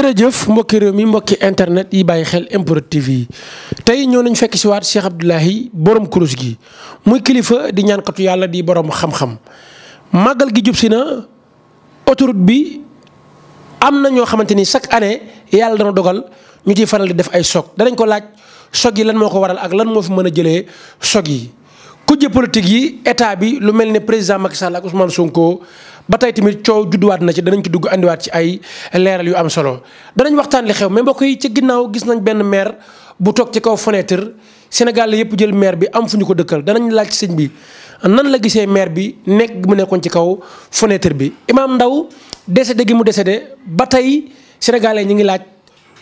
jërëjëf mbokki réew mi mbokki internet yi bàyyi xel MPROD yi tey ñoo nañ fekk si waat Cheikh Abdoulahi borom kurus gi muy kilifa di ñaankatu yàlla di borom xam màggal gi jub si na autoroute bi am na ñoo xamante ni chaque année yàlla dana dogal ñu ciy faral di def ay choc danañ ko laaj choc yi lan moo ko waral ak lan moo fi mën a jëlee choc yi. kujje politique yi état bi lu mel ni président Macky Sall ak Ousmane Sonko. ba tey tamit coow judduwaat na ci danañ ci dugg indiwaat ci ay leeral yu am solo danañ waxtaan li xew mais mbokk yi ci ginnaaw gis nañ benn maire bu toog ci kaw fenêtre Sénégal la yëpp jël maire bi am fu ñu ko dëkkal danañ laaj sëñ bi nan la gisee maire bi nekk mu nekkoon ci kaw fenêtre bi Imaam Ndao décédé gi mu décédé ba tey sénégalais ñu ngi laaj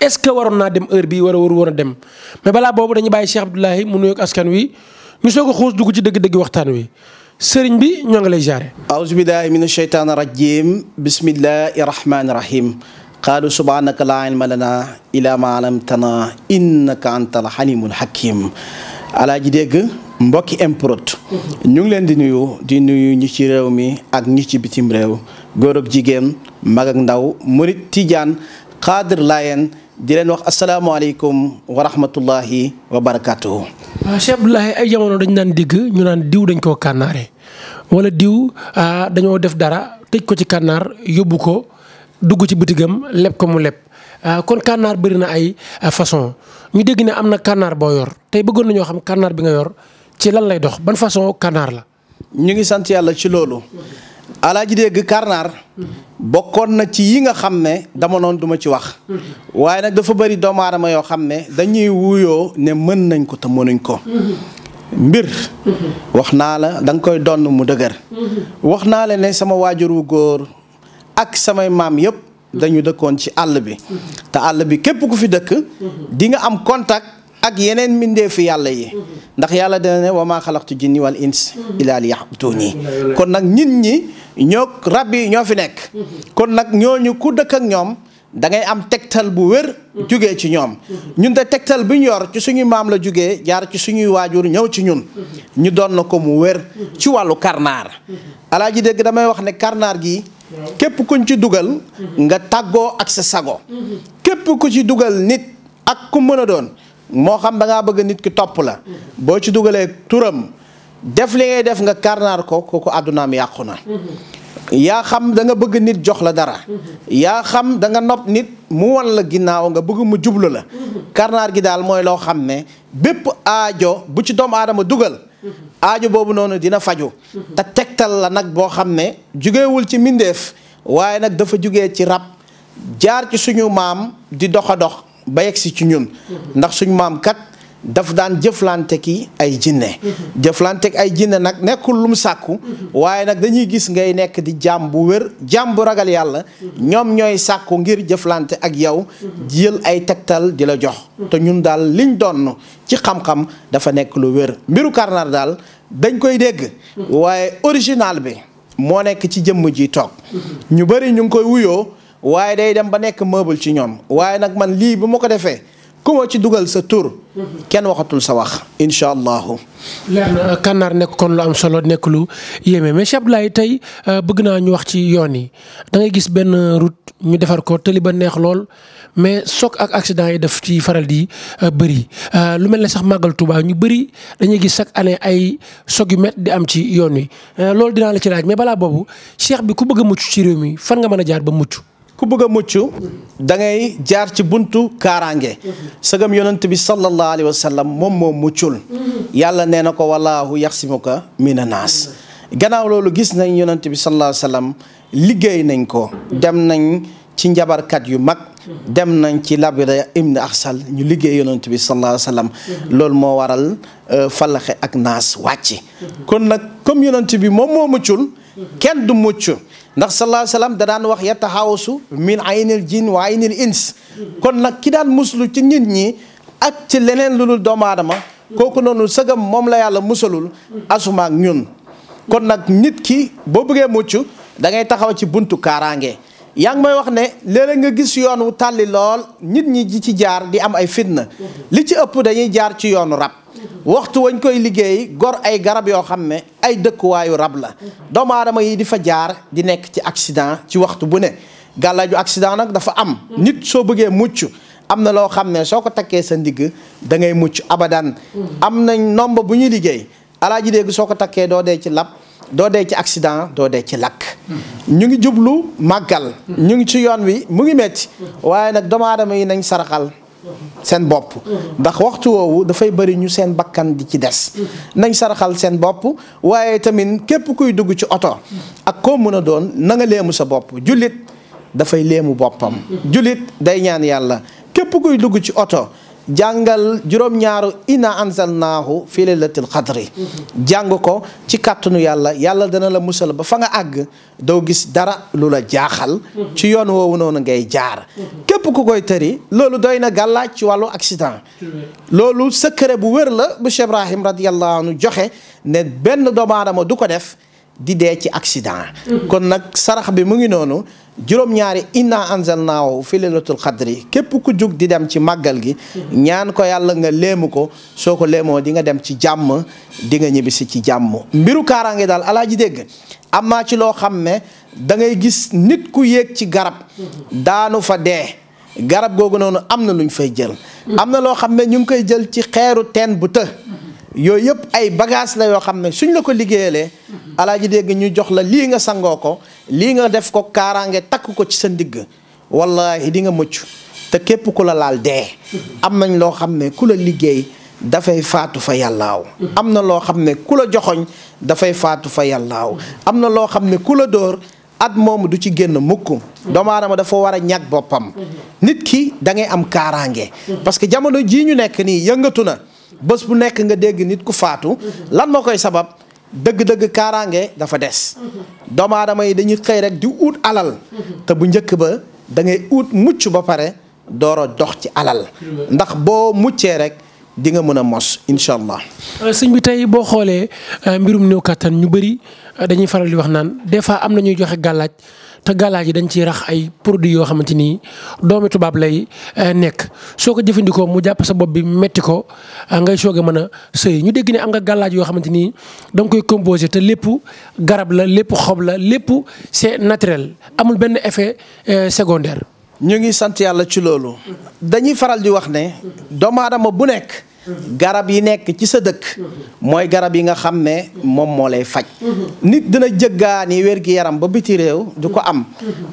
est-ce que waroon naa dem heure bi war a waru woon dem mais balaa boobu dañu bàyyi Cheikh Abdoulaye mu nuyoog askan wi ñu soog a xuus dugg ci dëgg-dëgg waxtaan wi sëriñ bi ñoo ngi lay jaare aouzu billahi min asheytaan rajim bismillahi rahmani rahim qaalu subhanaka laa ilma lana ila ma alamtana innaka anta alxalimul hakim alaa ji mbokki improt ñu ngi leen di nuyu di nuyu ñi ci réew mi ak ñi ci bitim réew góor ak jigéen mag ndaw murit tiijan xaadir laayeen di leen wax asalaamaaleykum wa rahmatullahi wa barakatuhu waaw ah, Cheikh ay jamono dañu naan digg ñu naan diw dañ koo kànnaare wala diw ah, dañoo def dara tëj ko ci kànnaar yóbbu ko dugg ci bitigam leb ko mu leb ah, kon kànnaar bëri na ay façon ñu dégg ne am na kànnaar boo yor tey bëggoon na ñoo xam kànnaar bi nga yor ci lan lay dox ban façon kànnaar la. ñu ngi sant yàlla ci loolu. alaaji dégg karnaar bokkoon na ci yi nga xam ne dama noon duma ci wax waaye nag dafa bari doomu aadama yoo xam ne dañuy wuyoo ne mën nañ ko te mënuñ ko mbir wax naa la danga koy donn mu dëgër wax naa la ne sama waajur wu góor ak samay maam yëpp dañu dëkkoon ci àll bi te àll bi képp ku fi dëkk di am contact ak yeneen fi yàlla yi ndax yàlla de dina ne wa maa xalaqtu jinni wal ins illa liya'buduni kon nag nit ñi ñoo rab yi ñoo fi nekk kon nag ñooñu ku dëkk ak ñoom dangay am tegtal bu wér jugee ci ñoom ñun de tegtal bi ñu yor ci suñu maam la jugee jaar ci suñuy waajur ñëw ci ñun ñu doon na ko mu wér ci wàllu karnaar alaaji dégg damay wax ne karnaar gi képp kuñ ci dugal nga tàggoo ak sa sago képp ku ci dugal nit ak ku mën a doon moo xam da bëgg nit ki topp la boo ci dugalee turam def li ngay def nga karnaar ko kooku àddunaam yàqu na yaa xam danga bëgg nit jox la dara yaa xam danga nga nopp nit mu wan la ginnaaw nga bëgg mu jublu la karnaar gi daal mooy loo xam ne bépp aajo bu ci doomu aadama dugal aajo boobu noonu dina faju te tegtal la nag boo xam ne jógewul ci mbindeef waaye nag dafa jóge ci rab jaar ci suñu maam di doxa dox ba yegsi ci ñun ndax suñ maam kat daf daan jëflante ki ay jinne jëflante ay jinne nag nekkul lum sàkku waaye nag dañuy gis ngay nekk di jaam bu wér jaam bu ragal yàlla ñoom ñooy sàkku ngir jëflante ak yow jël ay tegtal di la jox te ñun daal liñ doon ci xam-xam dafa nekk lu wér mbiru Karnar daal dañ koy dégg waaye original bi moo nekk ci jëmm ji toog ñu bëri ñu ngi koy wuyoo waaye day dem ba nekk meuble ci ñoom waaye nag man lii bu ma ko defee ku ma ci dugal sa tur. kenn waxatul sa wax incha allahu. leer kànnaar nekk kon lu am solo nekk lu yéeme mais Cheikh tey euh, bëgg naa ñu wax ci yoon yi da ngay gis benn route ñu defar ko tëli ba neex lool mais sook ak accident yi daf ci faral di euh, bëri euh, lu mel ne sax màggal Tuubaa ñu bëri dañuy gis chaque année ay soog yu métti di am ci yoon wi loolu dinaa la ci laaj mais balaa boobu Cheikh bi ku bëgg a mucc réew mi fan nga mën a jaar ba mucc. ku bëgg a mucc dangay jaar ci buntu kaaraange sëgam yonent bi sallallahu alayhi wa moom moo muccul yàlla nee na ko wallahu yaxsimuka mina naas gannaaw loolu gis nañ yonent bi sallallahu alayhi liggéey nañ ko dem nañ ci njabarkat yu mag dem nañ ci labira ibn axsal ñu liggéey yonent bi sallallahu alayhi loolu moo waral euh, falaxe ak naas wàcc kon nag comme yonent bi moom moo muccul kenn du mucc ndax sallallahu alayhi da daan wax yataxawsu min aynil jin waa aynil ins kon nag ki daan muslu ci nit ñi ak ci leneen lu dul doomu aadama kooku noonu sëgam moom la yàlla musalul asuma ñun kon nag nit ki boo bëggee mucc da ngay taxaw ci buntu kaaraange yaa ngi may wax ne léeg nga gis yoon wu tàlli lool nit ñi ji ci jaar di am ay fitna li ci ëpp dañuy jaar ci yoonu rab waxtu wañ koy liggéey gor ay garab yoo xam ne ay dëkkuwaayu rab la doomu aadama yi di fa jaar di nekk ci accident ci waxtu bu ne gàllaaju accident nag dafa am nit soo bëggee mucc am na loo xam ne soo ko takkee sa ndigg da ngay mucc abadan am nañ nombre bu ñuy liggéey alaa ji dégg soo ko takkee doo dee ci lab doo dee ci accident doo dee ci lakk ñu ngi jublu màggal ñu ngi ci yoon wi mu ngi metti waaye nag doomu aadama yi nañ saraxal seen bopp ndax waxtu woowu dafay bëri ñu seen bakkan di ci des nañ saraxal seen bopp waaye tamit képp kuy dugg ci oto ak koo mën a doon na nga léemu sa bopp jullit dafay leemu boppam jullit day ñaan yàlla képp kuy dugg ci oto jàngal juróom-ñaaru ina anzalnaahu fi laylatil qadri jàng ko ci kàttanu yàlla yàlla dana la musal ba fa nga àgg doo gis dara lu la jaaxal ci yoon woowu noonu ngay jaar képp ku koy tëri loolu doy na gàllaaj ci wàllu accident loolu secret bu wér la bu Cheikh Ibrahim radiyallahu anhu joxe ne benn doomu aadama du ko def di dee ci accident. kon nag sarax bi mu ngi noonu juróom-ñaari inna anzalnaahu fi lailatul qadri képp ku jug di dem ci màggal gi. ñaan ko yàlla nga léemu ko soo ko léemoo di nga dem ci jàmm di nga ñibbisi ci jàmm. mbiru kaaraange daal alaa ji dégg am naa ci loo xam ne da ngay gis nit ku yéeg ci garab daanu fa dee garab googu noonu am na lu ñu fay jël. am na loo xam ne ñu ngi koy jël ci xeeru teen bu të. yooyu yëpp ay bagage la yoo xam ne suñ la ko liggéeyalee alaaji dégg ñu jox la lii nga sangoo ko lii nga def ko kaaraange takk ko ci sa ndigg wallaahi di nga mucc te képp ku la laal dee am nañ loo xam ne ku la liggéey dafay faatu fa yàllaaw am na loo xam ne ku la joxoñ dafay faatu fa yàllaaw am na loo xam ne ku la dóor at moom du ci génn mukk doomu aadama dafa war a ñag boppam nit ki da ngay am kaaraange parce que jamono jii ñu nekk nii yëngatu na bés bu nekk nga dégg nit ku faatu lan moo koy sabab dëgg-dëgg kaaraange dafa des doomu aadama yi dañuy xëy rek di uut alal te bu njëkk ba da ngay uut mucc ba pare door a dox ci alal ndax boo muccee rek di nga mën a mos incha allah. Euh, sëñ bi tey boo xoolee euh, mbirum néew kattan ñu bëri euh, dañuy faral di wax naan des fois am na ñuy joxe gàllaaj te galaaj yi dañ ciy rax ay produits yoo xamante doomi tubaab lay eh, nekk soo ko jëfandikoo mu jàpp sa bopp bi metti ko eh, ngay soog a mën a sëy ñu dégg ne am nga galaaj yoo xamante ni da koy composé te lépp garab la lépp xob la lépp c'est naturel amul benn effet eh, secondaire. ñu ngi sant yàlla ci loolu. dañuy faral di wax ne. doomu bu nekk. garab yi nekk ci sa dëkk mooy garab yi nga xam ne moom moo lay faj nit dina jëggaani wér gi yaram ba biti réew du ko am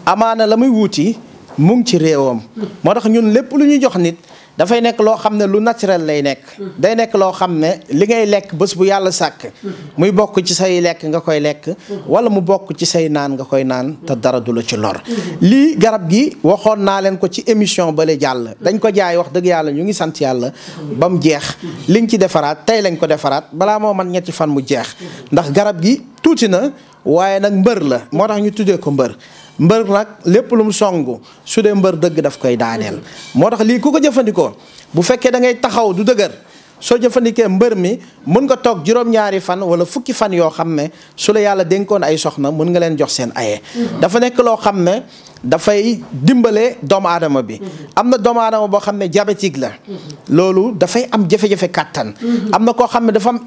amaana la muy wuti mu ci réewam moo tax ñun lépp lu ñu jox nit dafay nekk loo xam ne lu naturel lay nekk day nekk loo xam ne li ngay lekk bés bu yàlla sàkk muy bokk ci say lekk nga koy lekk wala mu bokk ci say naan nga koy naan te dara du la ci lor lii garab gi waxoon naa leen ko ci émission ba la jàll dañ ko jaay wax dëgg yàlla ñu ngi sant yàlla ba mu jeex liñ ci defaraat tey lañ ko defaraat balaa moo man ñetti fan mu jeex ndax garab gi tuuti na waaye nag mbër la moo tax ñu tuddee ko mbër mbër nag lépp lum mu su dee mbër dëgg daf koy daaneel moo tax lii ku ko jëfandikoo bu fekkee da ngay taxaw du dëgër soo jëfandikee mbër mi mën nga toog juróom-ñaari fan wala fukki fan yoo xam ne su la yàlla dénkoon ay soxna mun nga leen jox seen aye mhm. dafa nekk loo xam ne dafay dimbale doomu aadama bi mhm. am na doomu boo xam ne diabétique la mhm. loolu dafay am jafe kàttan am na koo xam ne dafa am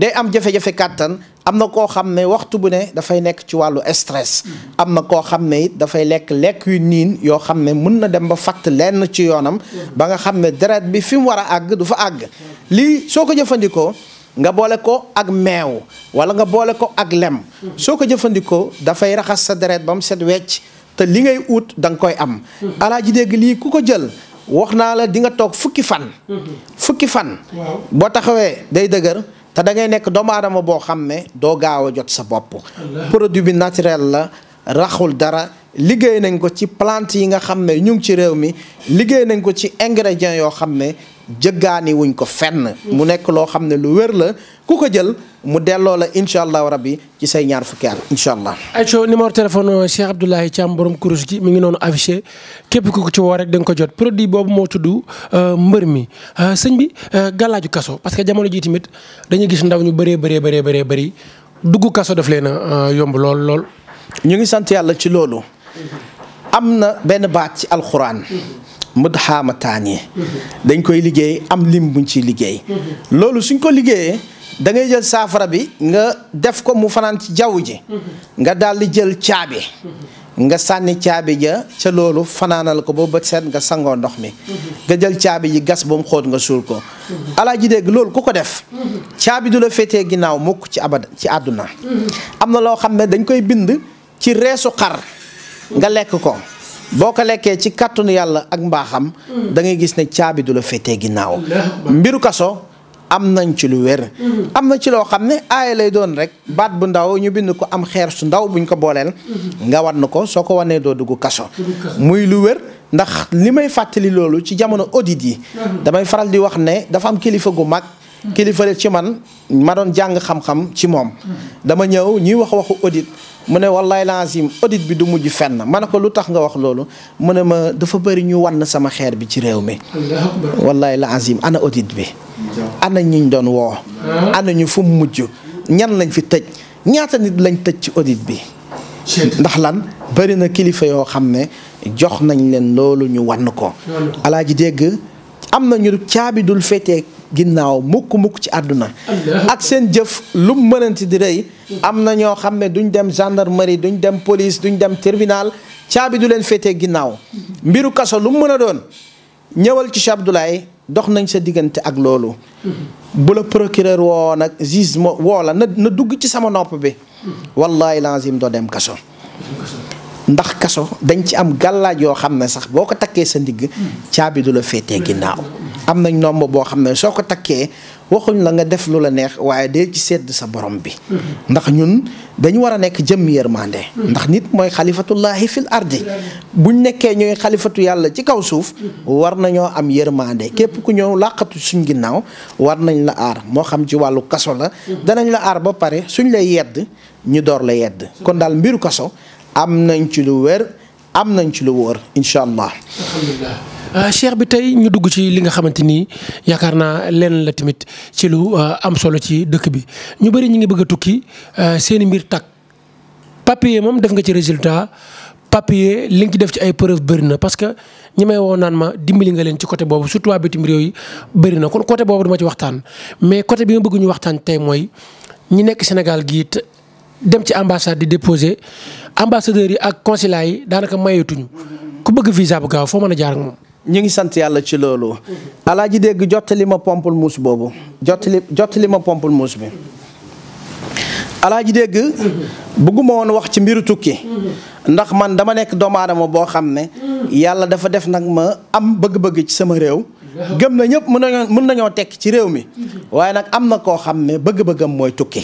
day am jafe kàttan am na koo xam ne waxtu bu ne dafay nekk ci wàllu stress am na koo xam ne dafay lekk lekk yu niin yoo xam ne mën na dem ba fatt lenn ci yoonam ba nga xam ne deret bi fi mu war a àgg du fa àgg lii soo ko jëfandikoo jëfandikoo nga boole ko ak meew wala nga boole ko ak lem soo ko jëfandikoo dafay raxas sa deret ba mu set wecc te li ngay ut da nga koy am alaaji dégg lii ku ko jël wax naa la di nga toog fukki fan fukki fan boo taxawee day dëgër te da nekk doomu aadama boo xam ne doo gaaw a jot sa bopp produit bi naturel la raxul dara liggéey na ko ci plante yi nga xam ne ñu ci réew mi liggéey na ko ci ingrédients yoo xam ne jëggaani wuñ ko fenn mu nekk loo xam ne lu wér la ku ko jël mu delloo la incha allahu rabbi ci say ñaar fukki at incha allah ayco numéro téléphone euh, Cheikh Abdoulaye Thiam borom kurus gi mi ngi noonu affiché képp ku ko ci woor rek da nga ko jot produit boobu moo tudd euh, mbër mi euh, sëñ bi gàllaaju kaso parce que jamono ji tamit dañuy gis ndaw ñu bëree bëree bëree bëree bëri dugg kaso daf leen a yomb lool lool ñu ngi sant yàlla ci loolu am na benn baat ci alxuraan mët xaama taan yi dañ koy liggéey am lim buñ ciy liggéey loolu suñ ko liggéeyee da ngay jël saafara bi nga def ko mu fanaan ci jaww ji nga daal di jël caabi nga sànni caabi ja ca loolu fanaanal ko ba bët seet nga sangoo ndox mi nga jël caabi ji gas ba mu xóot nga suul ko alaa ji dégg loolu ku ko def caabi du la fetee ginnaaw mukk ci abad ci àdduna am na loo xam ne dañ koy bind ci reesu xar nga lekk ko boo ko lekkee ci kàttanu yàlla ak mbaaxam hmm. da ngay gis ne caabi du la féetee ginnaaw mbiru kaso am nañ ci lu wér hmm. am na ci loo xam ne aaya doon rek baat bu ndaw ñu bind ko am xeer su ndaw buñ ko booleel hmm. nga wan ko soo ko wanee doo dugg kaso muy lu wér ndax li may fàttali loolu ci jamono audit yi damay faral di wax ne dafa am kilifa gu mag kilifa la ci man ma doon jàng xam-xam ci moom. dama ñëw ñuy wax waxu audit mu ne wallaay laazim audit bi du mujj fenn ma ne ko lu tax nga wax loolu mu ne ma dafa bëri ñu wann sama xeer bi ci réew mi. wallaay laazim ana audit bi. ana ñuñ doon woo. Ah. ana ñu fu mu mujj ñan lañ fi tëj ñaata nit lañ tëj ci audite bi. ndax lan bëri na kilifa yoo xam ne jox nañ leen loolu ñu wan ko. alaaji dégg am na ñu caabi dul féetee ginnaaw mukk mukk ci àdduna ak seen jëf lu mu mënanti di rëy am na ñoo xam ne duñ dem gendarmerie duñ dem police duñ dem tribunal caabi du leen féete ginnaaw mbiru kaso lu mu mën a doon ñëwal ci Cheikh Abdoulaye dox nañ sa diggante ak loolu bu la procureur woo nag juge woo la na dugg ci sama nopp bi hmm. wallahi lazim doo dem kaso ndax kaso dañ ci am gàllaaj yoo xam ne sax boo ko takkee sa ndigg caabi du la féetee ginnaaw am nañ nombre boo xam ne soo ko takkee waxuñu la nga def lu la neex waaye dee ci sedd sa borom bi ndax ñun dañu war a nekk jëmm yërmande ndax nit mooy xalifatullaahi fil ardi buñ nekkee ñooy xalifatu yàlla ci kaw suuf war nañoo am yërmande képp ku ñëw làqatu suñ ginnaaw war nañ la aar moo xam ci wàllu kaso la danañ la aar ba pare suñ lay yedd ñu door la yedd kon daal mbiru kaso am nañ ci lu wér am nañ ci lu wóor incha allah. alhamdulilah euh, cheikh bi tey ñu dugg ci li nga xamante ni yaakaar naa leen la tamit ci lu euh, am solo ci dëkk bi ñu bëri ñu ngi bëgg a tukki euh, seeni mbir takk papier moom def nga ci résultat. papier li nga def ci ay preuve bëri na parce que ñi may woo naan ma dimbali nga leen ci côté boobu surtout waa bitim réew yi bëri na kon côté boobu dama ci waxtaan mais côté bi ma bëgg ñu waxtaan tey mooy ñi nekk Sénégal gii dem ci ambassade di déposer ambassadeurs yi ak consulat yi daanaka mayeetuñu ku bëgg visa bu gaaw foo mën a jaar moom. ñu ngi sant yàlla ci loolu. alaaji dégg jottali ma pamplemousse boobu jottali jottali ma pamplemousse bi. alaaji dégg bëgguma woon wax ci mbiru tukki ndax man dama nekk doomu aadama boo xam ne yàlla dafa def nag ma am bëgg-bëgg ci sama réew gëm na ñëpp mën nañoo mën nañoo tekki ci réew mi waaye nag am na koo xam ne bëgg-bëggam mooy tukki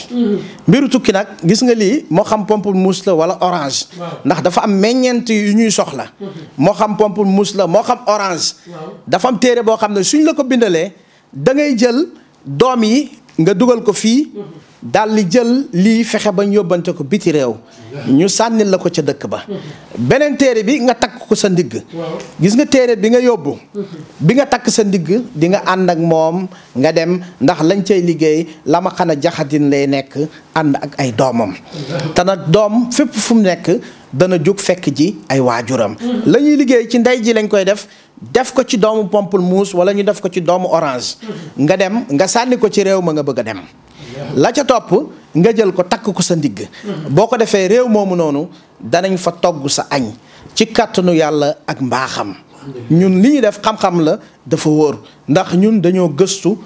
mbiru tukki nag gis nga lii moo xam pamplemousse la wala orange ndax dafa am meññeent ñuy soxla moo xam pamplemousse la moo xam orange dafa téere boo xam ne suñ la ko bindalee dangay jël doom yi nga dugal ko fii daal di jël lii fexe bañ yóbbante ko biti réew ñu sànnil la ko ca dëkk ba beneen téere bi nga takk ko sa ndigg gis nga téere bi nga yóbbu bi nga takk sa ndigg di nga ànd ak moom nga dem ndax lañ cay liggéey la ma xana jaxadin lay nekk ànd ak ay doomam te nag doom fépp fu mu nekk dana jóg fekk ji ay waajuram lañuy liggéey ci ndey ji lañ koy def def ko ci doomu pamplemousse wala ñu def ko ci doomu orange nga dem nga sànni ko ci réew ma nga bëgg a dem la ca topp nga jël ko takk ko sa ndigg mhm. boo ko defee réew moomu noonu danañ fa togg sa añ ci kàttanu yàlla ak mbaaxam ñun li ñuy def xam-xam la dafa wóor ndax ñun dañoo gëstu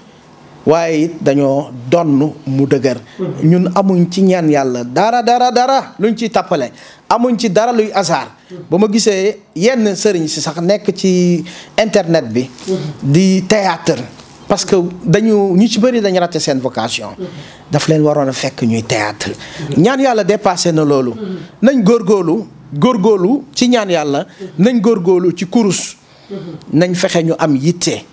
waaye it dañoo donn mu dëgër mhm. ñun amuñ ci ñaan yàlla dara dara dara luñ ciy tappale amuñ ci dara luy hasard mhm. ba ma gisee yenn sëriñ si sax nekk ci internet bi di théâtre parce que dañu ñu ci bëri dañ raté seen vocation daf leen waroon a fekk ñuy théâtre ñaan yàlla dépassé na loolu nañ góorgóorlu góorgóorlu ci ñaan yàlla nañ góorgóorlu ci kurus nañ fexe ñu am yitte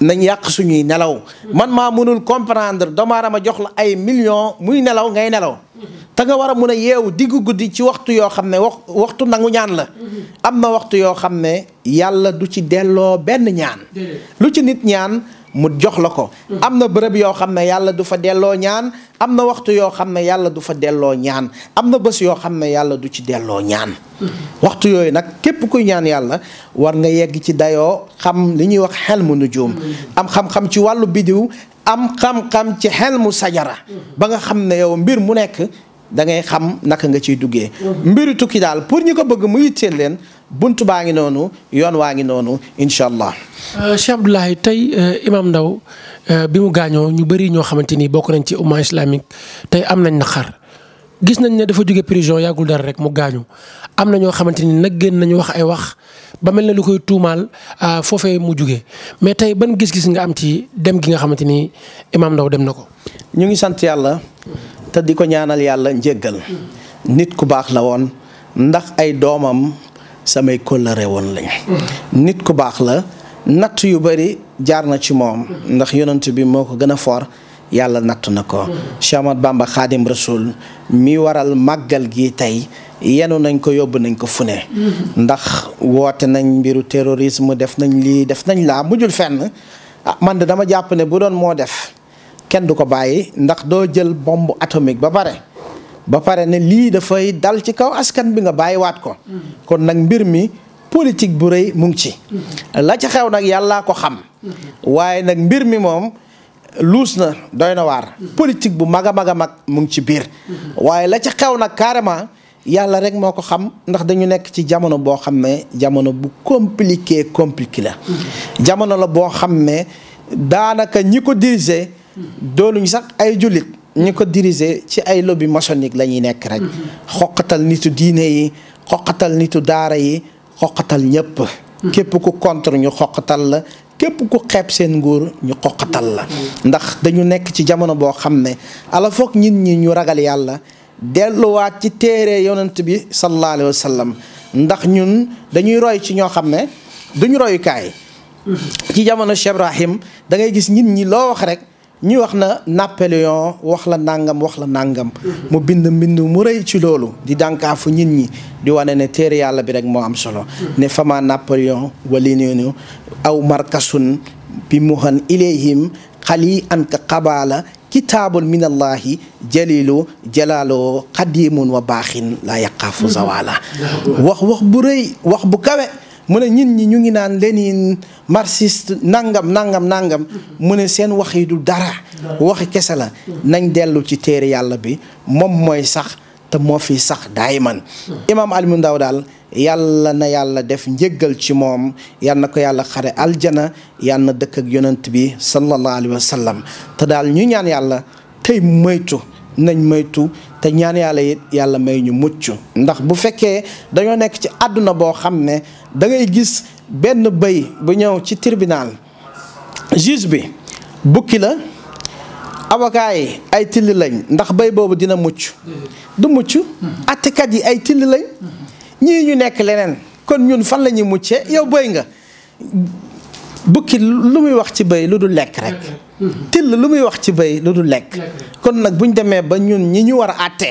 nañ yàq suñuy nelaw man maa mënul comprendre doomu a jox la ay millions muy nelaw ngay nelaw te nga war a mun a yeewu diggu guddi ci waxtu yoo xam ne wax waxtu nangu ñaan la am na waxtu yoo xam ne yàlla du ci delloo benn ñaan lu ci nit ñaan mu jox la ko am na bërëb yoo xam ne yàlla du fa delloo ñaan am na waxtu yoo xam ne yàlla du fa delloo ñaan am na bés yoo xam ne yàlla du ci delloo ñaan waxtu yooyu nag képp kuy ñaan yàlla war nga yegg ci dayoo xam li ñuy wax xel mu nujuum am xam-xam ci wàllu bidiw am xam-xam ci xel mu sajara ba nga xam ne yow mbir mu nekk dangay xam naka nga ciy duggee mm-hmm. mbiru tukki daal pour ñi ko bëgg mu yitteel leen bunt baa ngi noonu yoon waa ngi noonu incha allah. Euh, Cheikh Abdoulaye tey euh, Imam Ndao euh, bi mu gaañoo ñu bëri ñoo xamante ni bokk nañ ci umma islamique tey am nañ na xar gis nañ ne dafa jóge prison yàggul dara rek mu gaañu am na ñoo xamante ni nag génn nañu wax ay wax ba mel ne lu koy tuumaal foofee mu jóge mais tey ban gis-gis nga am ci dem gi nga xamante ni Imam dem na ko. ñu ngi sant yàlla te di ko ñaanal yàlla njéggal nit ku baax la woon ndax ay doomam. samay kóllëre woon lañ nit ku baax la natt yu bëri jaar na ci moom ndax yonent bi moo ko gën a for yàlla natt na ko Cheikh Ahmad Bamba Xaadim Rasul mi waral màggal gi tey yenu nañ ko yóbbu nañ ko fu ne ndax woote nañ mbiru terrorisme def nañ lii def nañ laa mujjul fenn ah man de dama jàpp ne bu doon moo def kenn du ko bàyyi ndax doo jël bombe atomique ba pare ba pare ne lii dafay dal ci kaw askan bi nga bàyyiwaat ko. kon nag mbir mi politique bu rëy mu ngi ci. la ci xew nag yàllaa ko xam. waaye nag mbir mi moom luus na doy na waar. politique bu mag a mag a mag mu ngi ci biir. waaye la ci xew nag carrément. yàlla rek moo ko xam ndax dañu nekk ci jamono boo xam ne jamono bu compliqué compliqué la. jamono la boo xam ne daanaka ñi ko dirigé. doonuñ sax ay jullit. ñi ko diriger ci ay lobby maçonnique la ñuy nekk rek xoqatal nitu diine yi xoqatal nitu daara yi xoqatal ñëpp képp ku contre ñu xoqatal la képp ku xeeb seen nguur ñu xoqatal la ndax dañu nekk ci jamono boo xam ne ala foog nit ñi ñu ragal yàlla delluwaat ci téere yonent bi sallallahu alayhi wa ndax ñun dañuy roy ci ñoo xam ne dañu royukaay mm-hmm. ci jamono Cheikh Ibrahim da ngay gis nit ñi loo wax rek ñi wax na Napoléon wax la nàngam wax la nàngam mu bind mbind mu rëy ci loolu di dànkaafu nit ñi di wane ne téere yàlla bi rek moo am solo ne fama Napoléon wali aw markasun bi muhan ilayhim xali an ka xabaala kitaabun min allahi jalilu jalaaloo xadimun wa baaxin la yaqaafu zawala mm-hmm. wax wax bu rëy wax bu kawe mu ne ñin ñi ñu ngi naan Lénine marxiste nangam nangam nangam mu ne seen wax yi du dara waxi kese la nañ dellu ci téere yàlla bi moom mooy sax te moo fi sax daayiman imaam Alioune ndaw daal yàlla na yàlla def njégal ci moom yal na ko yàlla xare aljana yal dëkk ak yonant bi sallallahu alayhi wa te daal ñu ñaan yàlla tey moytu nañ moytu te ñaan yàlla yit yàlla may ñu mucc ndax bu fekkee dañoo nekk ci àdduna boo xam ne da ngay gis benn bëy bu ñëw ci tribunal juge bi bukki la avocat yi ay tilli lañ ndax béy boobu dina mucc du mucc attekat yi ay tilli lañ ñii ñu nekk leneen kon ñun fan lañuy ñuy muccee yow bëy nga bukki lu muy wax ci bay lu dul lekk rek till lu muy wax ci bëy lu du lekk kon nag buñ demee ba ñun ñi ñu war a àtte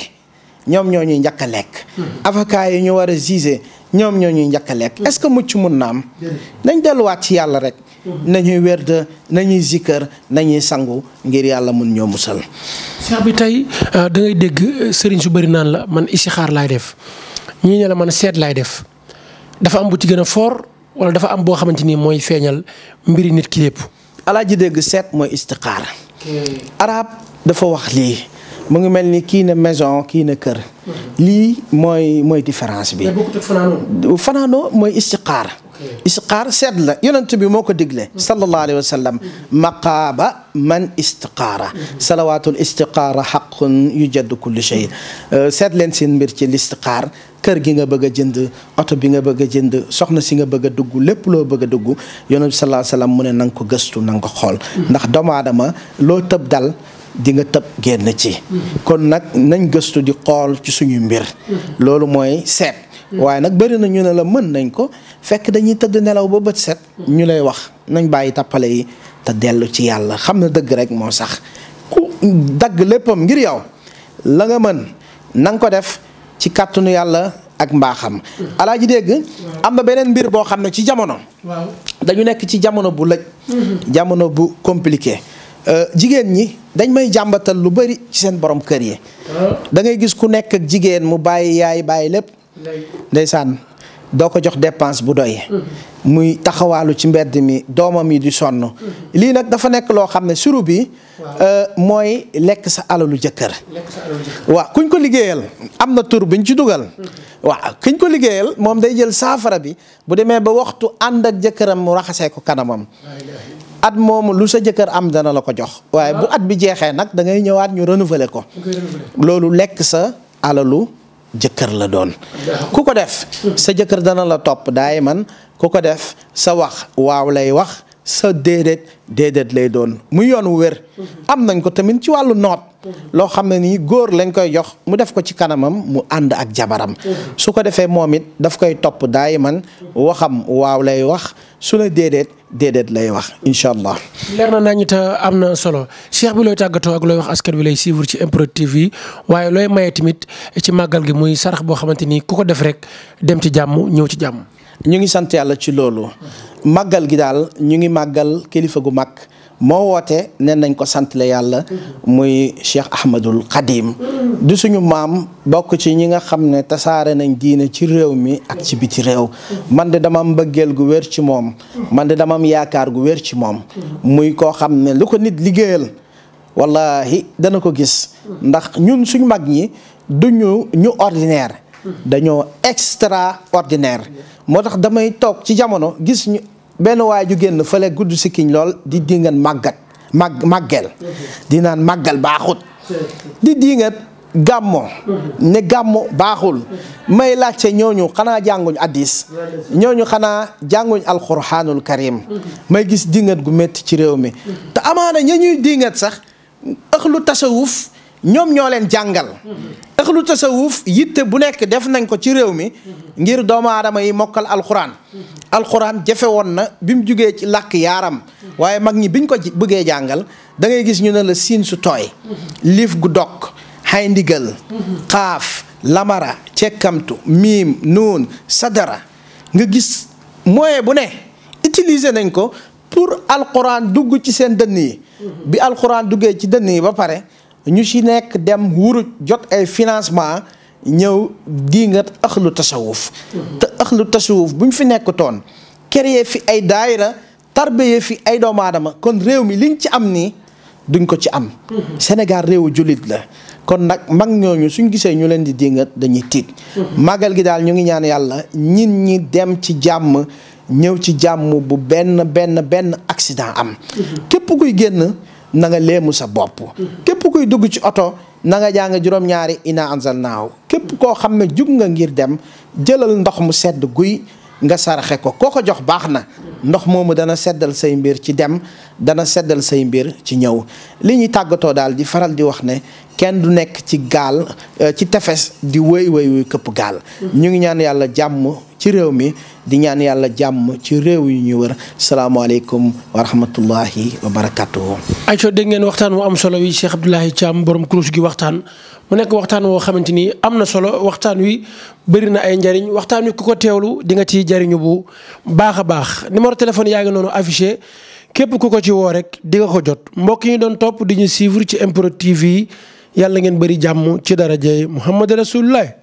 ñoom ñoo ñuy njëkk lekk hmm. avocat yi ñu war a jugé ñoom ñoo ñuy njëkk lekk hmm. est-ce que mucc mun na am nañ delluwaat ci yàlla rek hmm. nañuy wérd nañuy zikkër nañuy sangu ngir yàlla mun ñoo musal seex bi tey euh, da ngay dégg euh, sëriñ su bëri naan la man istixaar laay def ñii ne la man seet laay def dafa am bu ci gën a fort wala dafa am boo xamante ni mooy feeñal mbiri nit ki yëpp. alaaji dégg seet mooy istixaara. arab dafa wax lii. mu ngi mel ni kii ne maison kii na kër. Mhm. lii mooy mooy différence bi. fanaanoo. mooy istixaara. isqaar seet la yonent bi moo ko digle sallallahu alayhi wa sallam maqaaba man istiqaara salawaatul istiqaara xaqun yu jaddu kulli shay euh, seet leen seen mbir ci listiqaar kër gi nga bëgg a jënd oto bi nga bëgg jënd soxna si nga bëgg a dugg lépp loo bëgg dugg yonent bi sallallahu alayhi mu ne na ko gëstu na ko xool ndax doomaadama loo tëb dal di nga tëb génn ci kon nag nañ gëstu di xool ci suñu mbir loolu mooy seet waaye nag bëri nañu ne la mën nañ ko fekk dañuy tëdd nelaw ba bët set. ñu lay wax nañ bàyyi tappale yi te dellu ci yàlla xam na dëgg rek moo sax ku dagg léppam ngir yow la nga mën na nga ko def ci kàttanu yàlla ak mbaaxam. alaaji dégg. am na beneen mbir boo xam ne ci jamono. dañu nekk ci jamono bu lëj. jamono bu compliqué. Euh, jigéen ñi dañ may jàmbatal lu bari ci seen borom kër yi. Ah. da ngay gis ku nekk jigéen mu bàyyi yaay bàyyi lépp. ndeysaan doo ko jox dépense bu doy. Mm-hmm. muy taxawaalu ci mbedd mi doomam yi di sonn. Mm-hmm. lii nag dafa nekk loo xam ne suru bi. Euh, mooy lekk sa alalu jëkkër. waaw kuñ ko liggéeyal am na tur biñ ci dugal. Mm-hmm. waaw kuñ ko liggéeyal moom day jël saafara bi bu demee ba waxtu ànd ak jëkkëram mu raxasee ko kanamam. at moomu lu sa jëkkër am dana la ko jox. waaye bu ah. at bi jeexee nag dangay ñëwaat ñu renouveler ko. loolu lekk sa alalu. jëkkër la doon ku ko def sa jëkkër dana la topp daay man ku ko def sa wax waaw lay wax sa déedéet déedéet lay doon muy yoon wér mhm. am nañ ko tamit ci wàllu noot mhm. loo xam ne nii góor lañ koy jox mu def ko ci kanamam mu ànd ak jabaram mhm. su ko defee moom it daf koy topp daay man waxam waaw lay wax su la déedéet déedéet lay wax incha allah. leer na nañu te am na solo cheikh bi looy tàggatoo ak looy wax askan bi lay suivre ci MPROD yi waaye looy maye tamit ci màggal gi muy sarax boo xamante ni ku ko def rek dem ci jàmm ñëw ci jàmm. ñu ngi sant yàlla ci loolu màggal gi daal ñu ngi màggal kilifa gu mag moo woote nee nañ ko santale yàlla muy Cheikh Ahmadul Xadim du suñu maam bokk ci ñi nga xam ne tasaare nañ diine ci réew mi ak ci biti réew man de dama am mbëggeel gu wér ci moom man de dama am yaakaar gu wér ci moom muy koo xam ne lu ko nit liggéeyal wallahi dana ko gis ndax ñun suñu mag ñi duñu ñu ordinaire dañoo extraordinaire moo tax damay toog ci jamono gis ñu benn waay ju génn fële gudd sikkiñ lool di dingan màggat màgg màggeel di naan màggal baaxut di dingat gàmmo ne gàmmo baaxul may laajte ñooñu xanaa jànguñ addis ñu xanaa jànguñ alqur'aanul karim may gis dingat gu métti ci réew mi te amaana ña ñuy dingat sax ëxlu tasawuf ñoom ñoo leen jàngal axlu tasawuf yitte bu nekk def nañ ko ci réew mi ngir doomu aadama yi mokkal alxuraan alxuraan jafe woon na bi mu jugee ci làkk yaaram waaye mag ñi biñ ko bëggee jàngal da ngay gis ñu ne la siin su tooy liif gu dok xay xaaf lamara cekkamtu miim nuun sadara nga gis moyen bu ne utiliser nañ ko pour alxuraan dugg ci seen dënn yi bi alxuraan duggee ci dënn yi ba pare ñu ci nekk dem wuruj jot ay financement ñëw diingat axlu tasawuf te axlu tasawuf bu ñu fi nekk toon créer fi ay daayira tarbiya fi ay doomu aadama kon réew mi liñ ci am nii duñ ko ci am mhm. Sénégal réewu jullit la kon nag mag ñooñu suñ gisee ñu leen di diingat dañuy tiit mhm. màggal gi daal ñu ngi ñaan yàlla nit ñi dem ci jàmm ñëw ci jàmm bu benn benn benn accident am mhm. képp kuy génn nanga leemu sa bopp képp kuy dugg ci oto na nga jàng juróom-ñaari ina anzal naaw képp koo xam ne jug nga ngir dem jëlal ndox mu sedd guy nga saraxe ko koo ko jox baax na ndox moomu dana seddal say mbir ci dem dana seddal say mbir ci ñëw li ñuy tàggatoo daal di faral di wax ne kenn du nekk ci gaal euh, ci tefes di wéy wéy wuy këpp gaal mm-hmm. ñu ngi ñaan yàlla jàmm ci réew mi di yàlla jàmm ci réew yu ñuy wër salaamaaleykum wa rahmatullahi wa barakatuhu ayco dégg ngeen waxtaan wu am solo wi Cheikh Abdoulaye Thiam boroom kurus gi waxtaan mu nekk waxtaan woo xamante ni am na solo waxtaan wi bëri na ay njariñ waxtaan wi ku ko teewlu di nga ci jariñu bu baax a baax numéro téléphone yaa ngi noonu affiché képp ku ko ci woo rek di nga ko jot mbokk yi doon topp di ñu suivre ci improtive yi yàlla ngeen bëri jàmm ci darajay Muhammad Rasulullah